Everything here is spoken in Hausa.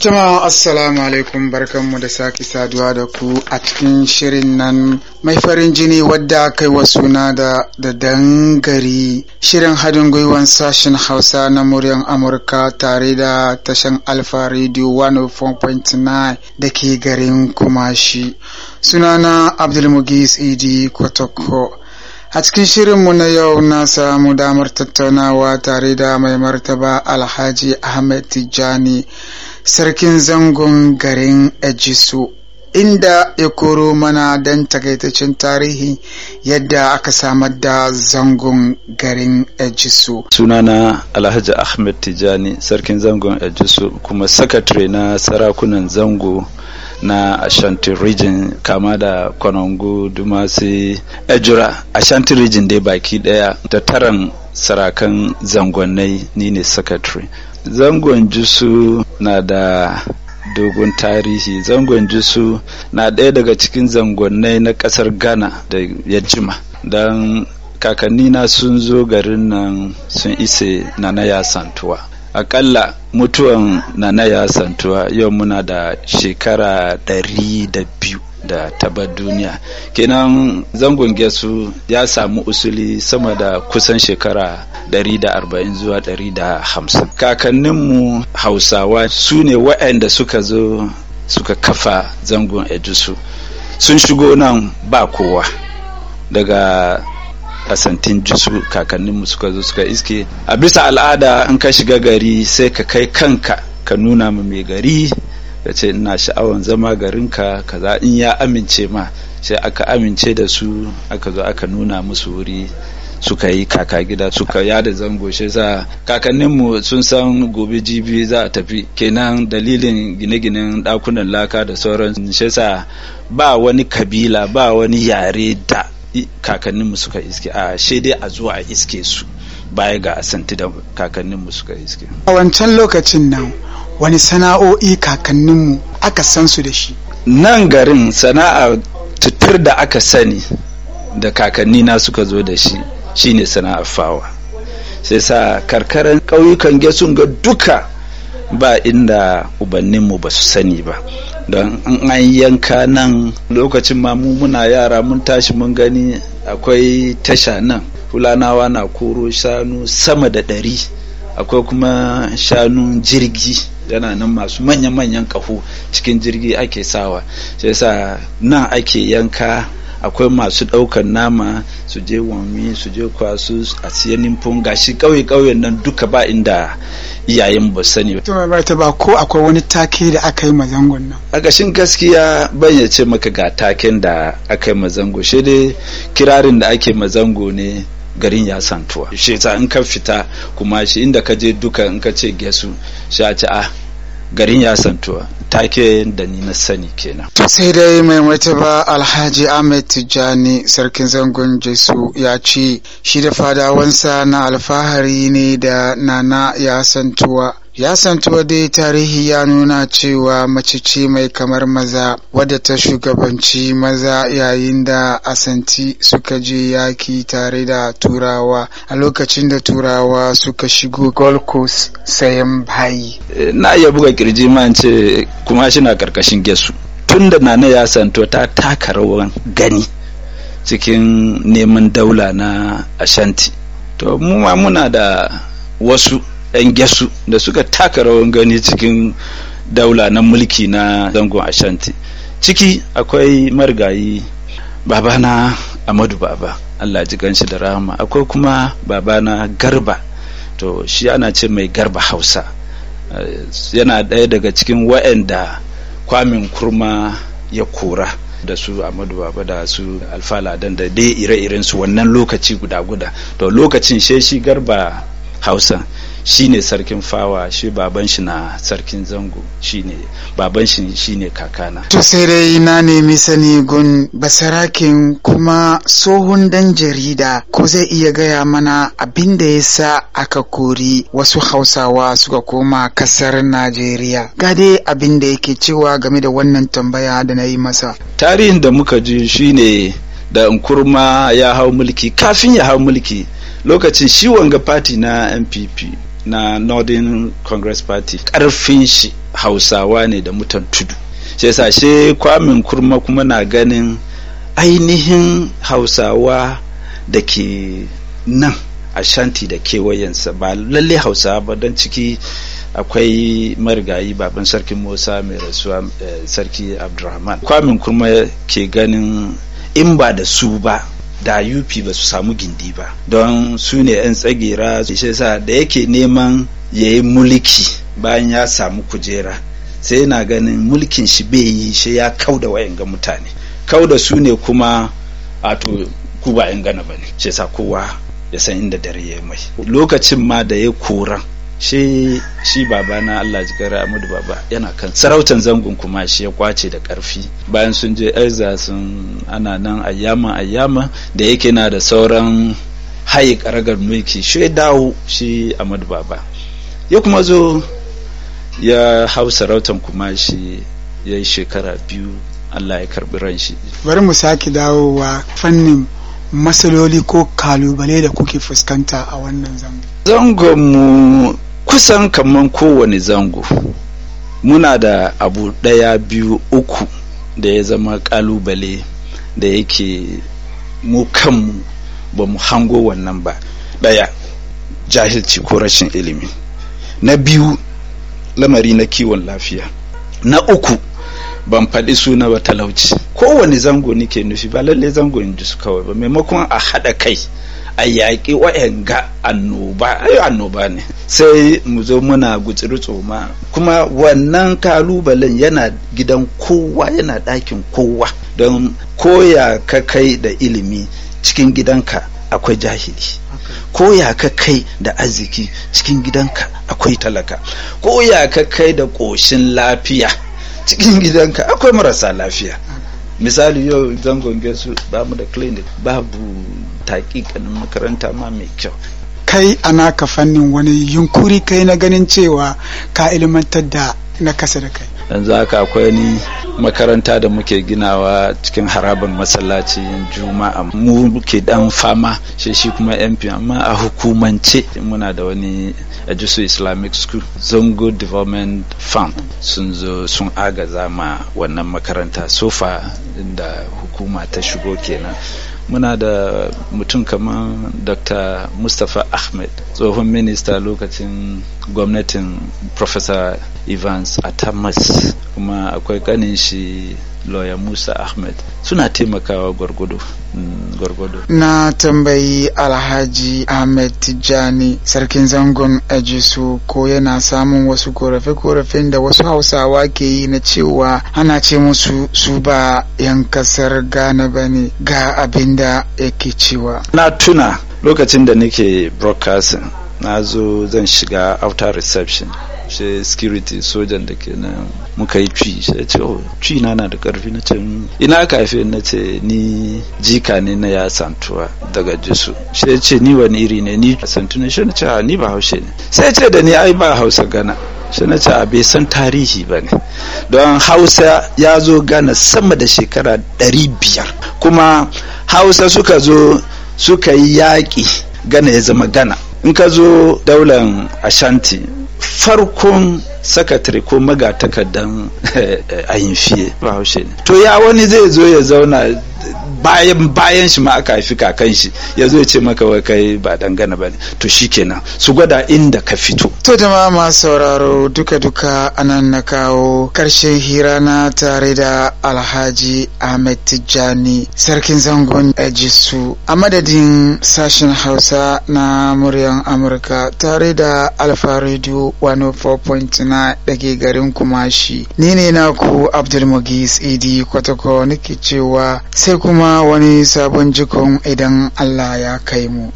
Jama'a assalamu alaikum barkanmu da sake saduwa da ku a cikin shirin nan mai farin jini wadda aka yi wa suna da da dangari shirin haɗin gwiwan sashen hausa na muryan amurka tare da tashan alfa radio 104.9 da ke garin kumashi sunana abdulmugis idi kotoko A cikin shirinmu na yau na samu damar tattaunawa tare da mai martaba Alhaji Ahmed Tijjani sarkin zangon garin ejisu inda ya koro mana don takaitaccen tarihi yadda aka samar da zangon garin ejisu sunana alhaji ahmed tijani sarkin zangon ejiso kuma sakatare na sarakunan zango na ashanti region kama da konongo dumasi ejura ashanti region dai baki daya da taron sarakan zangonai ni ne secretary zangon jusu na da dogon tarihi zangon jusu na ɗaya daga cikin zangonnai na ƙasar ghana da ya jima don kakannina sun zo garin nan sun ise nana ya santuwa akalla mutuwan nana ya santuwa yau muna da shekara ɗari da biyu da ta tabar duniya kenan zangon gesu ya samu usuli sama da kusan shekara 140 zuwa 150 kakanninmu hausawa su ne waɗanda suka zo suka kafa zangon edusu sun shigo nan ba kowa daga asantin jisu kakanninmu suka zo suka iske a bisa al'ada in ka shiga gari sai ka kai kanka ka nuna mu mai gari ya ce ina sha'awan zama garinka kaza in ya amince ma sai aka amince da su aka zo aka nuna musu wuri suka yi kaka gida suka yada zango shi sa kakanninmu sun san gobe jibi za a tafi kenan dalilin gine-ginen dakunan laka da sauran shi sa ba wani kabila ba wani yare da kakanninmu suka iske a dai a zuwa iske su baya ga asanti da kakanninmu suka iske a wancan lokacin nan wani sana'o'i kakanninmu aka san su da shi nan garin sana'a tutur da aka sani da kakanni na suka zo da shi shine sana'ar fawa sai sa karkarar ƙauyukan gesun ga duka ba inda ubanninmu ba su sani ba don an an yanka nan lokacin ma mu muna yara mun tashi mun gani akwai tasha nan fulanawa na koro shanu sama da ɗari akwai kuma shanun jirgi yana nan masu manyan-manyan kahu cikin jirgi ake sawa sai sa nan ake yanka akwai masu ɗaukar nama su je wami su je kwasu a siya fun gashi ƙauye-ƙauyen nan duka ba inda iyayen ba sani ba. ta ba ko akwai wani take da aka yi mazangon nan. A gashin gaskiya ban ya ce maka ga taken da aka yi mazango shi dai kirarin da ake mazango ne garin ya santuwa. Shi in ka fita kuma shi inda ka je duka in ka ce gesu shi a ce ah garin ya ta take da ni na sani kenan. To sai dai mai martaba Alhaji Ahmed Tijjani sarkin zangon Jesu ya ce shi da fadawansa na alfahari ne da nana ya santuwa. Ya Yasantuwa dai tarihi ya nuna cewa mace ce mai kamar maza wadda ta shugabanci maza yayin da asanti suka je yaki tare da Turawa a lokacin da Turawa suka shigo Gold Coast sayan bayi. Eh, na iya buga kirji man ce kuma shi na karkashin gesu. Tun da Nana santo ta taka rawar gani cikin neman daula na Ashanti. To mu ma muna da wasu 'yan gesu da suka taka rawan gani cikin daula na mulki na zangon ashanti ciki akwai marigayi babana amadu baba allah ji ganshi da rahama akwai kuma babana garba to shi ana ce mai garba hausa eh, yana ɗaya daga cikin wa'anda kwamin kurma ya kora da su amadu baba da su alfaladan da dai ire-irensu wannan lokaci guda-guda to lokacin shi garba hausa shine sarkin fawa shi baban shi na sarkin zango shine baban shi shine kakana to sai dai na nemi sani gun basarakin kuma tsohon dan jarida ko zai iya gaya mana abin da sa aka kori wasu hausawa suka koma kasar najeriya ga dai abin da yake cewa game da wannan tambaya da na yi masa tarihin da muka ji shine da nkurma ya hau mulki kafin ya hau mulki lokacin shi wanga party na npp na northern congress party karfin shi hausawa ne da mutan tudu shi yasa kwamin kurma kuma na ganin ainihin hausawa da ke nan shanti da kewayensa ba lalle hausawa ba don ciki akwai marigayi baban sarkin musa mai rasuwa eh, sarki abdulrahman kwamin kurma ke ganin in ba da su ba da yupi ba su samu gindi ba don su ne 'yan tsagera shi sa da yake neman ya yi mulki bayan ya samu kujera sai yana ganin mulkin shi bai yi shi ya kau da ga mutane kau da su ne kuma a to ku ba 'yan gana ba ne shi sa kowa ya san inda dare ya mai lokacin ma da ya koran shi shi baba na Allah ji kare Ahmadu baba yana kan sarautan zangon kuma shi ya kwace da karfi bayan sun je Aiza sun ana nan ayyama ayyama da yake na da sauran haye karagar mulki shi ya dawo shi Ahmadu baba ya kuma zo ya hau sarautan kuma shi ya yi shekara biyu Allah ya karbi ran shi bari mu sake dawowa fannin masaloli ko kalubale da kuke fuskanta a wannan zango zangon mu kusan kamar kowane zango muna da abu ɗaya biyu uku da ya zama ƙalubale da yake mu kanmu ba mu hango wannan ba ɗaya jahilci ko rashin ilimi na biyu lamari na kiwon lafiya na uku ban faɗi suna ba talauci kowane zango nike nufi ba lalle zango in ji su kawai ba maimakon a haɗa kai a yaƙi ga annoba ayo annoba ne sai mu zo muna gutsiri tsoma kuma wannan kalubalen yana gidan kowa yana ɗakin kowa don koya ka kai da ilimi cikin gidanka akwai jahili koya ka kai da arziki cikin gidanka akwai talaka koya ka kai da ƙoshin lafiya cikin gidanka akwai marasa lafiya misali yau zangon su ba mu da clinic babu taƙiƙanin makaranta ma mai kyau kai ana ka fannin wani yunkuri kai na ganin cewa ka ilmantar da na kasa da kai yanzu haka akwai ni makaranta da muke ginawa cikin harabar masallaci juma'a mu muke dan fama shi shi kuma mp amma a hukumance muna da wani ajisu islamic school zongo development fund sun zo sun agaza ma wannan makaranta sofa da hukuma ta shigo kenan muna da mutum kamar dr mustapha ahmed tsohon minista lokacin gwamnatin professor evans atamas kuma akwai kanin shi lawyer musa ahmed suna taimakawa gwargwado mm, gwargwado na tambayi alhaji ahmed tijjani sarkin zangon ajisu ko yana samun wasu korafe-korafen da wasu hausawa ke yi na cewa ana ce musu su ba yan kasar Gana ba ne ga abinda da yake cewa na tuna lokacin da nake broadcasting na zo zan shiga after reception sai security sojan da ke nan muka yi ci sai ce oh ci na na da karfi na ce mm, ina ka haife na ce ni jika ne na ya santuwa daga jisu sai ce ni wani iri ne ni santu ne shi na ce ni ba haushe ne sai ce da ni ai ba hausa gana shi na ce bai san tarihi ba ne don hausa ya zo gana sama da shekara biyar kuma hausa suka zo suka yi yaƙi gana ya zama gana in ka zo daular ashanti farkon sakatare ko magatakardan eh, eh, ayin fiye ne to ya wani zai zo ya zauna bayan bayan shi ma aka haifi kakan shi ya zo ce maka wai kai ba dangana ba ne to kenan su gwada inda ka fito to jama'a masu sauraro duka duka anan na kawo karshen hira na tare da alhaji ahmed tijjani sarkin zangon ejisu a madadin sashen hausa na muryan amurka tare da alfa radio 104.9 da ke garin kumashi ni ne naku abdulmugis idi kwatakwa nake cewa sai kuma Muna wani sabon jikon idan Allah ya kai mu.